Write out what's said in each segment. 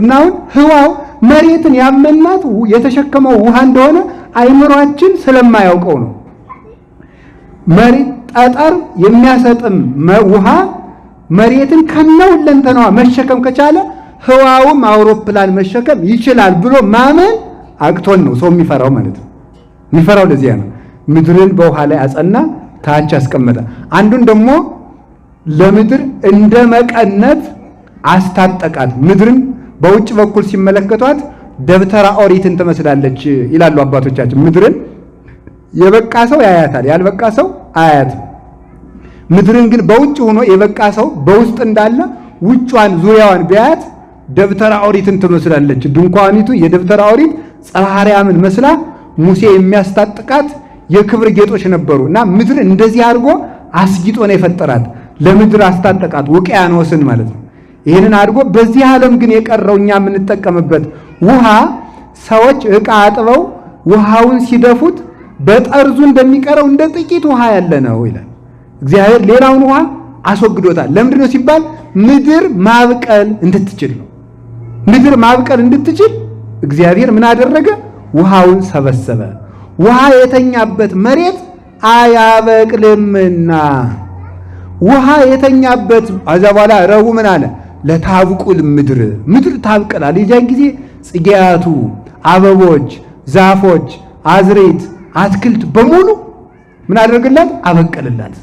እና አሁን ህዋው መሬትን ያመናት የተሸከመው ውሃ እንደሆነ አይምሯችን ስለማያውቀው ነው። መሬት ጠጠር የሚያሰጥም ውሃ መሬትን ከነሁለንተናዋ መሸከም ከቻለ ህዋውም አውሮፕላን መሸከም ይችላል ብሎ ማመን አቅቶን ነው ሰው የሚፈራው ማለት ነው። የሚፈራው ለዚያ ነው። ምድርን በውሃ ላይ አጸና፣ ታች አስቀመጠ። አንዱን ደግሞ ለምድር እንደ መቀነት አስታጠቃት። ምድርን በውጭ በኩል ሲመለከቷት ደብተራ ኦሪትን ትመስላለች ይላሉ አባቶቻችን። ምድርን የበቃ ሰው ያያታል፣ ያልበቃ ሰው አያት ምድርን ግን በውጭ ሆኖ የበቃ ሰው በውስጥ እንዳለ ውጯን ዙሪያዋን ቢያያት ደብተራ ኦሪትን ትመስላለች። ድንኳኒቱ የደብተራ ኦሪት ጸራሪያምን መስላ ሙሴ የሚያስታጥቃት የክብር ጌጦች ነበሩ እና ምድር እንደዚህ አድርጎ አስጊጦ ነው የፈጠራት። ለምድር አስታጠቃት ውቅያኖስን ማለት ነው። ይህንን አድርጎ በዚህ ዓለም ግን የቀረው እኛ የምንጠቀምበት ውሃ ሰዎች ዕቃ አጥበው ውሃውን ሲደፉት በጠርዙ እንደሚቀረው እንደ ጥቂት ውሃ ያለ ነው ይላል። እግዚአብሔር ሌላውን ውሃ አስወግዶታል። ለምንድን ነው ሲባል ምድር ማብቀል እንድትችል ነው። ምድር ማብቀል እንድትችል እግዚአብሔር ምን አደረገ? ውሃውን ሰበሰበ። ውሃ የተኛበት መሬት አያበቅልምና ውሃ የተኛበት አዛ በኋላ ረቡ ምን አለ ለታብቁል ምድር ምድር ታብቀላል። የዚያን ጊዜ ጽጌያቱ፣ አበቦች፣ ዛፎች፣ አዝሬት፣ አትክልት በሙሉ ምን አደርግላት? አበቀልላት።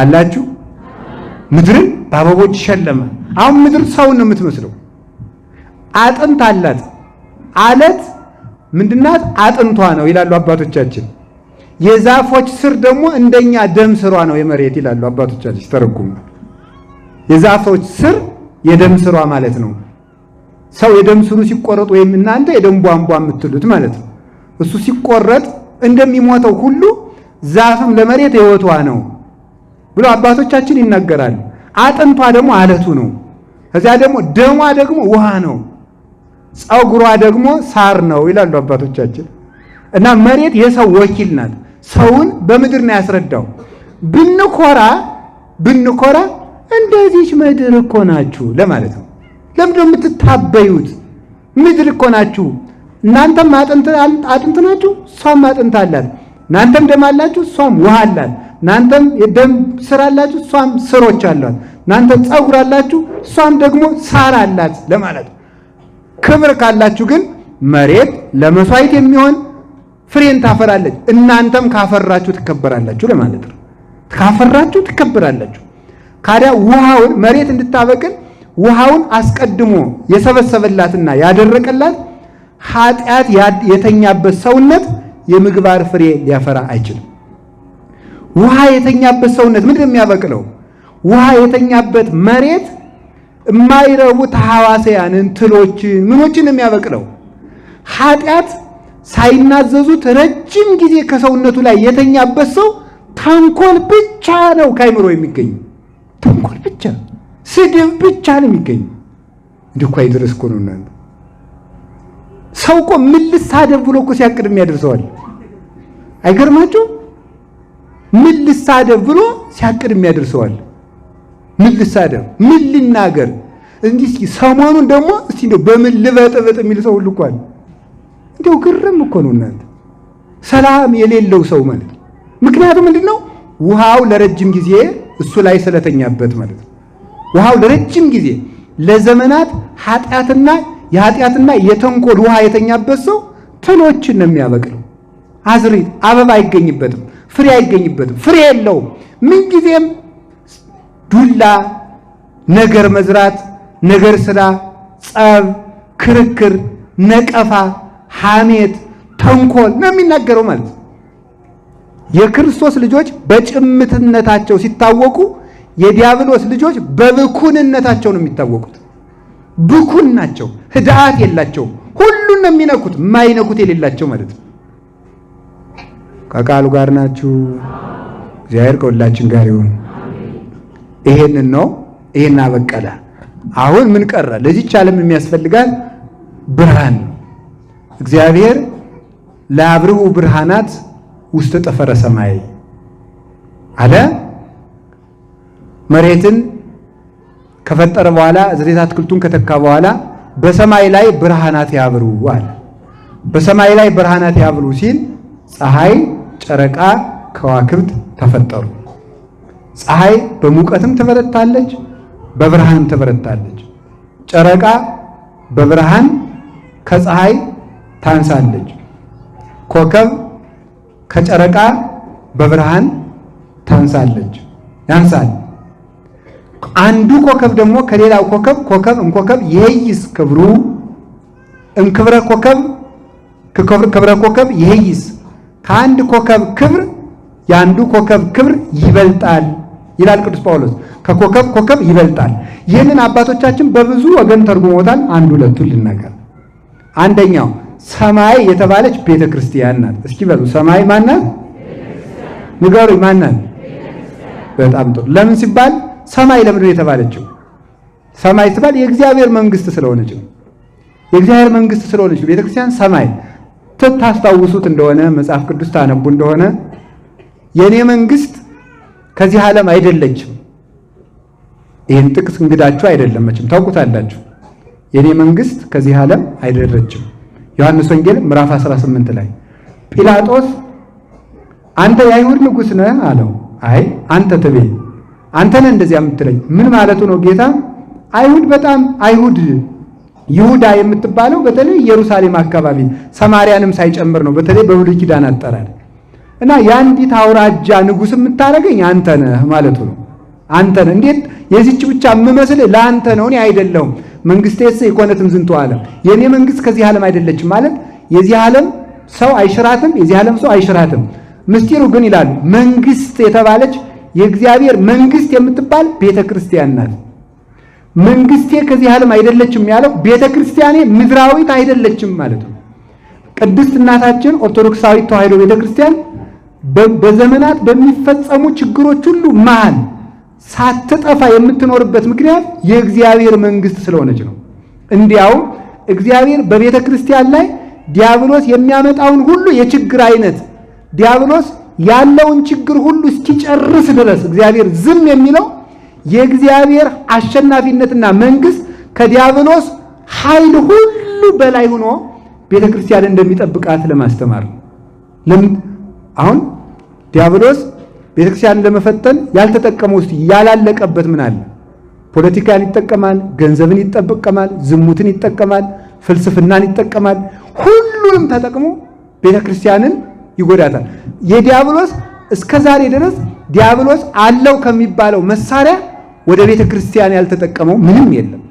አላችሁ ምድርን በአበቦች ሸለመ። አሁን ምድር ሰውን ነው የምትመስለው። አጥንት አላት። አለት ምንድናት? አጥንቷ ነው ይላሉ አባቶቻችን። የዛፎች ስር ደግሞ እንደኛ ደም ስሯ ነው የመሬት ይላሉ አባቶቻችን ሲተረጉሙ። የዛፎች ስር የደም ስሯ ማለት ነው። ሰው የደም ስሩ ሲቆረጥ ወይም እናንተ የደም ቧንቧ የምትሉት ማለት ነው። እሱ ሲቆረጥ እንደሚሞተው ሁሉ ዛፍም ለመሬት ህይወቷ ነው ብሎ አባቶቻችን ይናገራሉ። አጥንቷ ደግሞ አለቱ ነው። ከዚያ ደግሞ ደሟ ደግሞ ውሃ ነው። ፀጉሯ ደግሞ ሳር ነው ይላሉ አባቶቻችን። እና መሬት የሰው ወኪል ናት። ሰውን በምድር ነው ያስረዳው። ብንኮራ ብንኮራ እንደዚች ምድር እኮ ናችሁ ለማለት ነው። ለምንድን የምትታበዩት? ምድር እኮ ናችሁ። እናንተም አጥንት ናችሁ፣ እሷም አጥንት አላት። እናንተም ደም አላችሁ፣ እሷም ውሃ አላት። እናንተም የደም ስር አላችሁ፣ እሷም ስሮች አሏት። እናንተም ፀጉር አላችሁ፣ እሷም ደግሞ ሳር አላት ለማለት ነው። ክብር ካላችሁ ግን መሬት ለመስዋዕት የሚሆን ፍሬን ታፈራለች። እናንተም ካፈራችሁ ትከበራላችሁ ለማለት ነው። ካፈራችሁ ትከበራላችሁ። ካዲያ ውሃውን መሬት እንድታበቅል ውሃውን አስቀድሞ የሰበሰበላትና ያደረቀላት ኃጢአት የተኛበት ሰውነት የምግባር ፍሬ ሊያፈራ አይችልም። ውሃ የተኛበት ሰውነት ምንድን ነው የሚያበቅለው? ውሃ የተኛበት መሬት የማይረቡ ተሐዋሰያንን፣ ትሎችን፣ ምኖችን የሚያበቅለው ኃጢአት ሳይናዘዙት ረጅም ጊዜ ከሰውነቱ ላይ የተኛበት ሰው ተንኮል ብቻ ነው ከአይምሮ የሚገኝ ተንኮል ብቻ፣ ስድብ ብቻ ነው የሚገኝ። እንዲ እኮ ይድረስ እኮ ነው እናንተ። ሰው እኮ ምን ልሳደብ ብሎ እኮ ሲያቅድ የሚያደርሰዋል። አይገርማችሁ? ምን ልሳደብ ብሎ ሲያቅድ የሚያደርሰዋል። ምን ልሳደብ፣ ምን ልናገር፣ እንዲህ ሰሞኑን ደግሞ እስቲ በምን ልበጥበጥ የሚል ሰው ሁሉ እኮ አለ። እንዲሁ ግርም እኮ ነው እናንተ ሰላም የሌለው ሰው ማለት ምክንያቱም ምንድን ነው ውሃው ለረጅም ጊዜ እሱ ላይ ስለተኛበት ማለት ውሃው ለረጅም ጊዜ ለዘመናት ኃጢአትና የኃጢአትና የተንኮል ውሃ የተኛበት ሰው ትሎችን ነው የሚያበቅለው። አዝሪት አበባ አይገኝበትም፣ ፍሬ አይገኝበትም፣ ፍሬ የለውም። ምንጊዜም ዱላ፣ ነገር መዝራት፣ ነገር ስራ፣ ጸብ፣ ክርክር፣ ነቀፋ ሐሜት፣ ተንኮል ነው የሚናገረው ማለት ነው። የክርስቶስ ልጆች በጭምትነታቸው ሲታወቁ የዲያብሎስ ልጆች በብኩንነታቸው ነው የሚታወቁት። ብኩን ናቸው፣ ህድአት የላቸውም። ሁሉን ነው የሚነኩት፣ ማይነኩት የሌላቸው ማለት ነው። ከቃሉ ጋር ናችሁ። እግዚአብሔር ከሁላችን ጋር ይሁን። ይሄንን ነው ይሄን አበቀለ። አሁን ምን ቀረ? ለዚች ዓለም የሚያስፈልጋል ብርሃን ነው። እግዚአብሔር ለአብርሁ ብርሃናት ውስጥ ጠፈረ ሰማይ አለ። መሬትን ከፈጠረ በኋላ ዘዴት አትክልቱን ከተካ በኋላ በሰማይ ላይ ብርሃናት ያብሩ አለ። በሰማይ ላይ ብርሃናት ያብሩ ሲል ፀሐይ፣ ጨረቃ፣ ከዋክብት ተፈጠሩ። ፀሐይ በሙቀትም ትበረታለች፣ በብርሃንም ትበረታለች። ጨረቃ በብርሃን ከፀሐይ ታንሳለች። ኮከብ ከጨረቃ በብርሃን ታንሳለች፣ ያንሳል። አንዱ ኮከብ ደግሞ ከሌላው ኮከብ ኮከብ እንኮከብ የይስ ክብሩ እንክብረ ኮከብ ክብረ ኮከብ የይስ ከአንድ ኮከብ ክብር የአንዱ ኮከብ ክብር ይበልጣል ይላል ቅዱስ ጳውሎስ። ከኮከብ ኮከብ ይበልጣል። ይህንን አባቶቻችን በብዙ ወገን ተርጉሞታል። አንድ ሁለቱን ልናገር። አንደኛው ሰማይ የተባለች ቤተ ክርስቲያን ናት። እስኪ በሉ ሰማይ ማናት? ንገሩኝ ማናት? በጣም ጥሩ። ለምን ሲባል ሰማይ ለምንድን የተባለችው? ሰማይ ሲባል የእግዚአብሔር መንግስት ስለሆነች ነው። የእግዚአብሔር መንግስት ስለሆነች ቤተ ክርስቲያን ሰማይ። ትታስታውሱት እንደሆነ መጽሐፍ ቅዱስ ታነቡ እንደሆነ የእኔ መንግስት ከዚህ ዓለም አይደለችም። ይህን ጥቅስ እንግዳችሁ አይደለም ታውቁታላችሁ። የእኔ መንግስት ከዚህ ዓለም አይደለችም ዮሐንስ ወንጌል ምዕራፍ 18 ላይ ጲላጦስ አንተ የአይሁድ ንጉሥ ነህ አለው። አይ አንተ ትቤ አንተ ነህ እንደዚያ የምትለኝ ምን ማለቱ ነው ጌታ? አይሁድ በጣም አይሁድ ይሁዳ የምትባለው በተለይ ኢየሩሳሌም አካባቢ ሰማርያንም ሳይጨምር ነው። በተለይ በብሉይ ኪዳን አጠራር እና የአንዲት አውራጃ ንጉሥ የምታደርገኝ አንተ ነህ ማለቱ ነው። አንተ ነህ እንዴት የዚች ብቻ የምመስል ለአንተ ነው እኔ አይደለሁም መንግስቴስ ኢኮነትም ዝንቱ ዓለም የኔ መንግስት ከዚህ ዓለም አይደለችም ማለት የዚህ ዓለም ሰው አይሽራትም፣ የዚህ ዓለም ሰው አይሽራትም። ምስጢሩ ግን ይላሉ መንግስት የተባለች የእግዚአብሔር መንግስት የምትባል ቤተ ክርስቲያን ናት። መንግስቴ ከዚህ ዓለም አይደለችም ያለው ቤተ ክርስቲያኔ ምድራዊት አይደለችም ማለት ነው። ቅድስት እናታችን ኦርቶዶክሳዊት ተዋሕዶ ቤተ ክርስቲያን በዘመናት በሚፈጸሙ ችግሮች ሁሉ መሃል ሳትጠፋ የምትኖርበት ምክንያት የእግዚአብሔር መንግስት ስለሆነች ነው። እንዲያውም እግዚአብሔር በቤተ ክርስቲያን ላይ ዲያብሎስ የሚያመጣውን ሁሉ የችግር አይነት ዲያብሎስ ያለውን ችግር ሁሉ እስኪጨርስ ድረስ እግዚአብሔር ዝም የሚለው የእግዚአብሔር አሸናፊነትና መንግስት ከዲያብሎስ ኃይል ሁሉ በላይ ሆኖ ቤተ ክርስቲያን እንደሚጠብቃት ለማስተማር ነው። ለምን አሁን ዲያብሎስ ቤተክርስቲያን ለመፈተን ያልተጠቀመው ውስጥ ያላለቀበት ምን አለ? ፖለቲካን ይጠቀማል፣ ገንዘብን ይጠቀማል፣ ዝሙትን ይጠቀማል፣ ፍልስፍናን ይጠቀማል። ሁሉንም ተጠቅሞ ቤተክርስቲያንን ይጎዳታል። የዲያብሎስ እስከ ዛሬ ድረስ ዲያብሎስ አለው ከሚባለው መሳሪያ ወደ ቤተክርስቲያን ያልተጠቀመው ምንም የለም።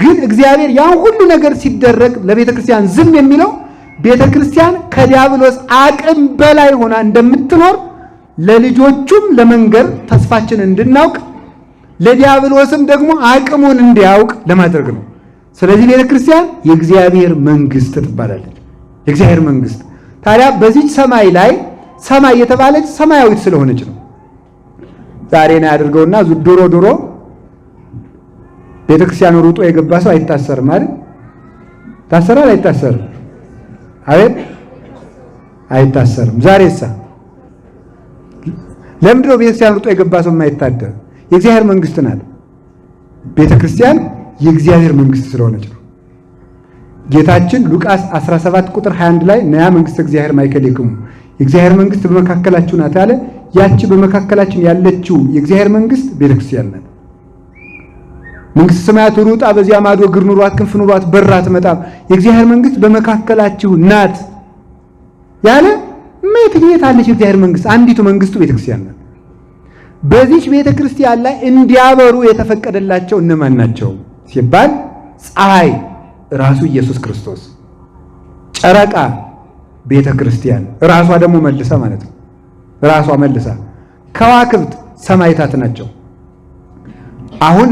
ግን እግዚአብሔር ያን ሁሉ ነገር ሲደረግ ለቤተክርስቲያን ዝም የሚለው ቤተክርስቲያን ከዲያብሎስ አቅም በላይ ሆና እንደምትኖር ለልጆቹም ለመንገር ተስፋችን እንድናውቅ ለዲያብሎስም ደግሞ አቅሙን እንዲያውቅ ለማድረግ ነው። ስለዚህ ቤተ ክርስቲያን የእግዚአብሔር መንግስት ትባላለች። የእግዚአብሔር መንግስት ታዲያ በዚች ሰማይ ላይ ሰማይ የተባለች ሰማያዊት ስለሆነች ነው። ዛሬ ነው ያድርገውና ዶሮ ዶሮ ቤተ ክርስቲያን ሩጦ የገባ ሰው አይታሰርም አይደል? ታሰራል? አይታሰርም? አቤት አይታሰርም። ዛሬ ሳ ለምንድን ነው ቤተክርስቲያን ርጦ የገባ ሰው የማይታደር? የእግዚአብሔር መንግስት ናት። ቤተክርስቲያን የእግዚአብሔር መንግስት ስለሆነች ነው። ጌታችን ሉቃስ 17 ቁጥር 21 ላይ ነያ መንግስተ እግዚአብሔር ማይከሌክሙ የእግዚአብሔር መንግስት በመካከላችሁ ናት አለ። ያቺ በመካከላችን ያለችው የእግዚአብሔር መንግስት ቤተክርስቲያን ናት። መንግስት ሰማያት ሩጣ በዚያ ማዶ እግር ኑሯት ክንፍ ኑሯት በራ አትመጣም። የእግዚአብሔር መንግስት በመካከላችሁ ናት ያለ የት አለች የእግዚአብሔር መንግስት? አንዲቱ መንግስቱ ቤተክርስቲያን ናት። በዚች ቤተክርስቲያን ላይ እንዲያበሩ የተፈቀደላቸው እነማን ናቸው ሲባል ፀሐይ ራሱ ኢየሱስ ክርስቶስ፣ ጨረቃ ቤተክርስቲያን ራሷ ደግሞ መልሳ ማለት ነው ራሷ መልሳ፣ ከዋክብት ሰማይታት ናቸው። አሁን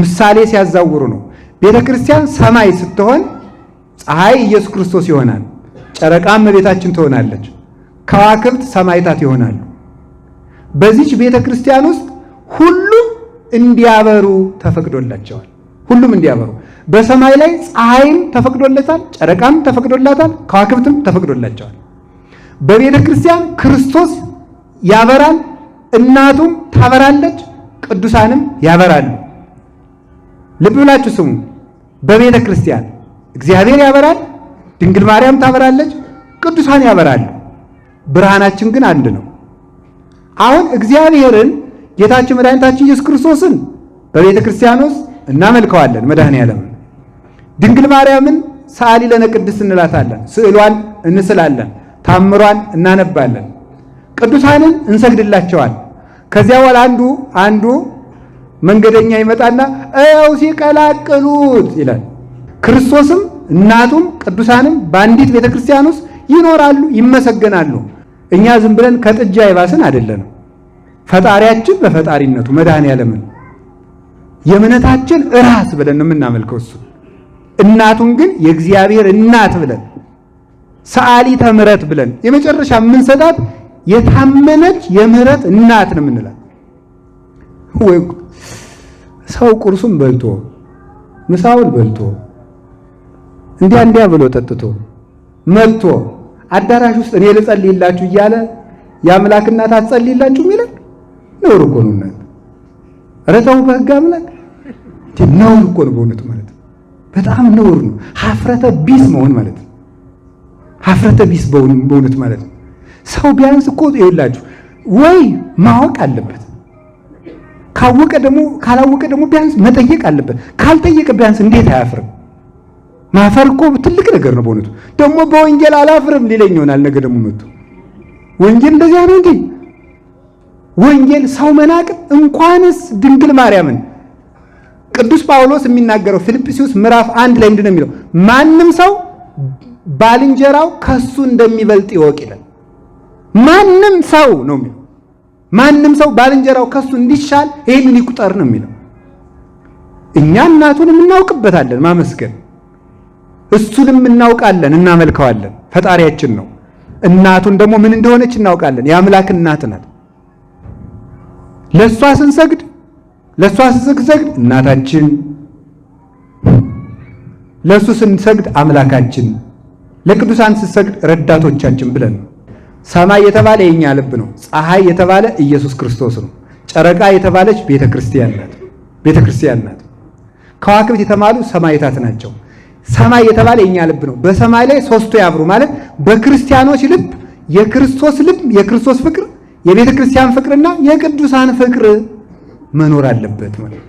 ምሳሌ ሲያዛውሩ ነው። ቤተክርስቲያን ሰማይ ስትሆን ፀሐይ ኢየሱስ ክርስቶስ ይሆናል፣ ጨረቃ እመቤታችን ትሆናለች። ከዋክብት ሰማይታት ይሆናሉ። በዚች ቤተ ክርስቲያን ውስጥ ሁሉም እንዲያበሩ ተፈቅዶላቸዋል። ሁሉም እንዲያበሩ በሰማይ ላይ ፀሐይም ተፈቅዶለታል፣ ጨረቃም ተፈቅዶላታል፣ ከዋክብትም ተፈቅዶላቸዋል። በቤተ ክርስቲያን ክርስቶስ ያበራል፣ እናቱም ታበራለች፣ ቅዱሳንም ያበራሉ። ልብ ብላችሁ ስሙ። በቤተ ክርስቲያን እግዚአብሔር ያበራል፣ ድንግል ማርያም ታበራለች፣ ቅዱሳን ያበራሉ። ብርሃናችን ግን አንድ ነው። አሁን እግዚአብሔርን ጌታችን መድኃኒታችን ኢየሱስ ክርስቶስን በቤተ ክርስቲያን ውስጥ እናመልከዋለን። መድኃኔ ዓለምን ድንግል ማርያምን ሰዓሊ ለነ ቅድስት እንላታለን። ስዕሏን እንስላለን፣ ታምሯን እናነባለን፣ ቅዱሳንን እንሰግድላቸዋል። ከዚያ በኋላ አንዱ አንዱ መንገደኛ ይመጣና እው ሲቀላቅሉት ይላል። ክርስቶስም እናቱም ቅዱሳንም በአንዲት ቤተ ክርስቲያን ውስጥ ይኖራሉ፣ ይመሰገናሉ። እኛ ዝም ብለን ከጥጃ የባስን አይደለንም። ፈጣሪያችን በፈጣሪነቱ መድኃኔዓለምን የእምነታችን እራስ ብለን የምናመልከው እሱ እናቱን ግን የእግዚአብሔር እናት ብለን ሰዓሊተ ምሕረት ብለን የመጨረሻ የምንሰጣት የታመነች የምህረት እናት ነው የምንላት። ወይ ሰው ቁርሱን በልቶ ምሳውን በልቶ እንዲያ እንዲያ ብሎ ጠጥቶ መጥቶ አዳራሽ ውስጥ እኔ ልጸልይላችሁ እያለ የአምላክ እናት አትጸልይላችሁም ይላል። ነውር እኮ ነው። እናት ረተው ተው በህግ አምላክ ነውር እኮ ነው በእውነቱ ማለት ነው። በጣም ነውር ነው። ሀፍረተ ቢስ መሆን ማለት ነው። ሀፍረተ ቢስ በእውነቱ ማለት ነው። ሰው ቢያንስ እኮ ይኸውላችሁ ወይ ማወቅ አለበት ካወቀ ደግሞ ካላወቀ ደግሞ ቢያንስ መጠየቅ አለበት። ካልጠየቀ ቢያንስ እንዴት አያፍርም? ማፈር እኮ ትልቅ ነገር ነው። በእውነቱ ደግሞ በወንጌል አላፍርም ሊለኝ ይሆናል ነገ ደግሞ መጥቶ ወንጌል እንደዚያ ነው እንዴ? ወንጌል ሰው መናቅ እንኳንስ ድንግል ማርያምን ቅዱስ ጳውሎስ የሚናገረው ፊልጵስዩስ ምዕራፍ አንድ ላይ ምንድነው የሚለው? ማንም ሰው ባልንጀራው ከሱ እንደሚበልጥ ይወቅ ይላል። ማንም ሰው ነው የሚለው። ማንም ሰው ባልንጀራው ከሱ እንዲሻል ይህንን ይቁጠር ነው የሚለው። እኛ እናቱን እናውቅበታለን ማመስገን እሱንም እናውቃለን፣ እናመልከዋለን። ፈጣሪያችን ነው። እናቱን ደግሞ ምን እንደሆነች እናውቃለን። የአምላክ እናት ናት። ለእሷ ስንሰግድ ለእሷ ስንሰግድ እናታችን፣ ለእሱ ስንሰግድ አምላካችን፣ ለቅዱሳን ስንሰግድ ረዳቶቻችን ብለን ነው። ሰማይ የተባለ የኛ ልብ ነው። ፀሐይ የተባለ ኢየሱስ ክርስቶስ ነው። ጨረቃ የተባለች ቤተ ክርስቲያን ናት ቤተ ክርስቲያን ናት። ከዋክብት የተማሉ ሰማይታት ናቸው። ሰማይ የተባለ የኛ ልብ ነው። በሰማይ ላይ ሶስቱ ያብሩ ማለት በክርስቲያኖች ልብ የክርስቶስ ልብ የክርስቶስ ፍቅር የቤተ ክርስቲያን ፍቅርና የቅዱሳን ፍቅር መኖር አለበት ማለት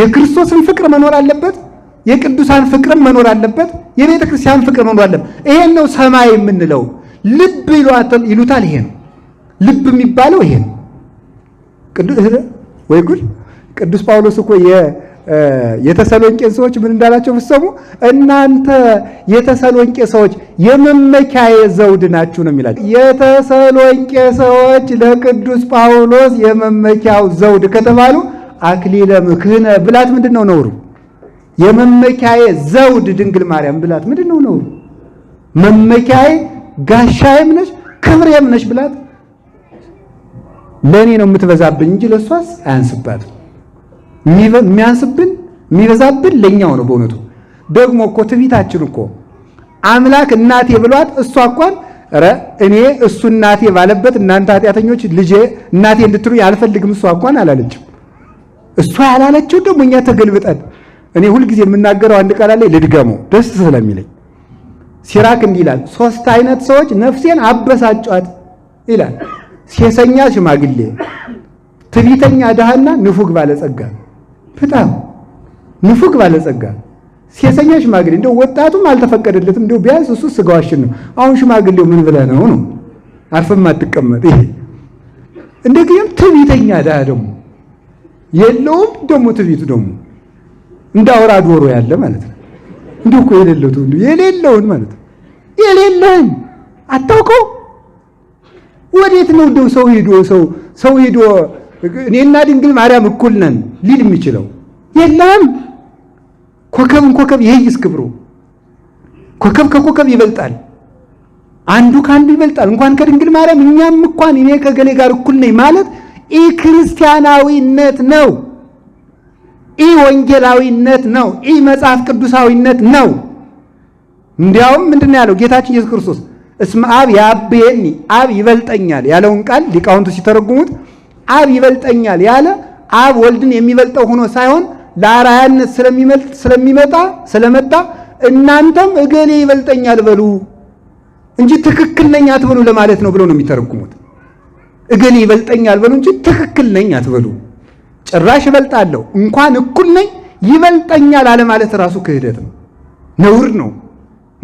የክርስቶስን ፍቅር መኖር አለበት፣ የቅዱሳን ፍቅርም መኖር አለበት፣ የቤተ ክርስቲያን ፍቅር መኖር አለበት። ይሄን ነው ሰማይ የምንለው። ልብ ይሉታል። ይሄ ነው ልብ የሚባለው። ይሄ ነው ወይ ጉድ! ቅዱስ ጳውሎስ እኮ የተሰሎንቄን ሰዎች ምን እንዳላቸው ፍሰሙ እናንተ የተሰሎንቄ ሰዎች የመመኪያዬ ዘውድ ናችሁ ነው የሚላቸው። የተሰሎንቄ ሰዎች ለቅዱስ ጳውሎስ የመመኪያው ዘውድ ከተባሉ አክሊለ ምክህነ ብላት ምንድን ነው ነውሩ? የመመኪያዬ ዘውድ ድንግል ማርያም ብላት ምንድን ነው ነውሩ? መመኪያዬ ጋሻዬም ነሽ፣ ክብሬም ነሽ ብላት ለእኔ ነው የምትበዛብኝ እንጂ ለእሷስ አያንስባትም። የሚያንስብን የሚበዛብን ለእኛው ነው። በእውነቱ ደግሞ እኮ ትቢታችን እኮ አምላክ እናቴ ብሏት እሷ አኳን ረ እኔ እሱ እናቴ ባለበት እናንተ ኃጢአተኞች ልጄ እናቴ እንድትሉ አልፈልግም እሷ አኳን አላለችም። እሷ ያላለችው ደግሞ እኛ ተገልብጠን እኔ ሁልጊዜ የምናገረው አንድ ቃል ላይ ልድገመው ደስ ስለሚለኝ። ሲራክ እንዲህ ይላል፣ ሶስት አይነት ሰዎች ነፍሴን አበሳጯት ይላል፣ ሴሰኛ ሽማግሌ፣ ትቢተኛ ድሃና ንፉግ ባለጸጋ በጣም ንፉግ ባለጸጋ ሴሰኛ ሽማግሌ እንደው ወጣቱም አልተፈቀደለትም። እንደው ቢያንስ እሱ ስጋዋሽን ነው። አሁን ሽማግሌው ምን ብለህ ነው ነው አርፈም አትቀመጥ። ይሄ እንደዚህም ትዕቢተኛ ዳ ደግሞ የለውም ደግሞ ትዕቢቱ ደግሞ እንደ አውራ ዶሮ ያለ ማለት ነው። እንዲሁ እኮ የሌለው ትውልዱ የሌለውን ማለት ነው። የሌለውን አታውቀው። ወዴት ነው እንደው ሰው ሄዶ ሰው ሰው ሄዶ እኔና ድንግል ማርያም እኩል ነን ሊል የሚችለው የለም። ኮከብን ኮከብ ይሄይስ ክብሩ ኮከብ ከኮከብ ይበልጣል፣ አንዱ ከአንዱ ይበልጣል። እንኳን ከድንግል ማርያም እኛም እንኳን እኔ ከገሌ ጋር እኩል ነኝ ማለት ኢ ክርስቲያናዊነት ነው። ኢ ወንጌላዊነት ነው። ኢ መጽሐፍ ቅዱሳዊነት ነው። እንዲያውም ምንድን ነው ያለው ጌታችን ኢየሱስ ክርስቶስ እስመ አብ ያብየኒ አብ ይበልጠኛል ያለውን ቃል ሊቃውንቱ ሲተረጉሙት አብ ይበልጠኛል ያለ አብ ወልድን የሚበልጠው ሆኖ ሳይሆን ለአርአያነት ስለሚመጣ ስለመጣ እናንተም እገሌ ይበልጠኛል በሉ እንጂ ትክክል ነኝ አትበሉ ለማለት ነው ብሎ ነው የሚተረጉሙት። እገሌ ይበልጠኛል በሉ እንጂ ትክክል ነኝ አትበሉ። ጭራሽ እበልጣለሁ እንኳን እኩል ነኝ ይበልጠኛል አለማለት ራሱ ክህደት ነው፣ ነውር ነው።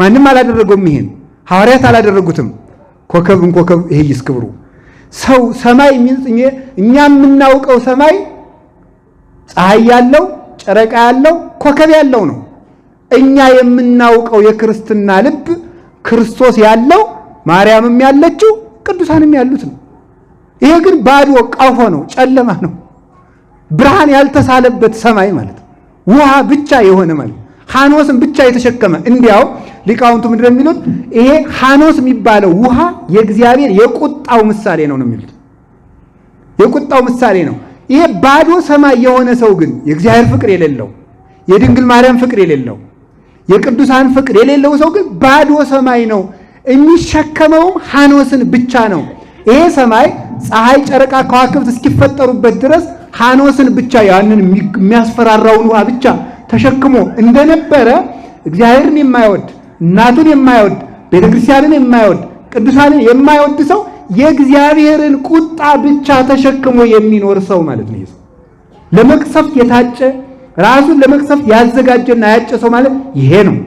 ማንም አላደረገውም። ይሄን ሐዋርያት አላደረጉትም። ኮከብን ኮከብ ይሄ ይስክብሩ ሰው ሰማይ ሚንስ እኛ የምናውቀው ሰማይ ፀሐይ ያለው ጨረቃ ያለው ኮከብ ያለው ነው። እኛ የምናውቀው የክርስትና ልብ ክርስቶስ ያለው ማርያምም ያለችው ቅዱሳንም ያሉት ነው። ይሄ ግን ባዶ ቀፎ ነው፣ ጨለማ ነው፣ ብርሃን ያልተሳለበት ሰማይ ማለት ነው። ውሃ ብቻ የሆነ ማለት ሐኖስን ብቻ የተሸከመ እንዲያው ሊቃውንቱ ምንድን ነው የሚሉት? ይሄ ሃኖስ የሚባለው ውሃ የእግዚአብሔር የቁጣው ምሳሌ ነው ነው የሚሉት የቁጣው ምሳሌ ነው። ይሄ ባዶ ሰማይ የሆነ ሰው ግን የእግዚአብሔር ፍቅር የሌለው የድንግል ማርያም ፍቅር የሌለው የቅዱሳን ፍቅር የሌለው ሰው ግን ባዶ ሰማይ ነው። የሚሸከመውም ሃኖስን ብቻ ነው። ይሄ ሰማይ ፀሐይ፣ ጨረቃ፣ ከዋክብት እስኪፈጠሩበት ድረስ ሃኖስን ብቻ ያንን የሚያስፈራራውን ውሃ ብቻ ተሸክሞ እንደነበረ እግዚአብሔርን የማይወድ እናትን የማይወድ ቤተክርስቲያንን የማይወድ ቅዱሳንን የማይወድ ሰው የእግዚአብሔርን ቁጣ ብቻ ተሸክሞ የሚኖር ሰው ማለት ነው። ይሰው ለመቅሰፍት የታጨ ራሱን ለመቅሰፍት ያዘጋጀና ያጨ ሰው ማለት ይሄ ነው።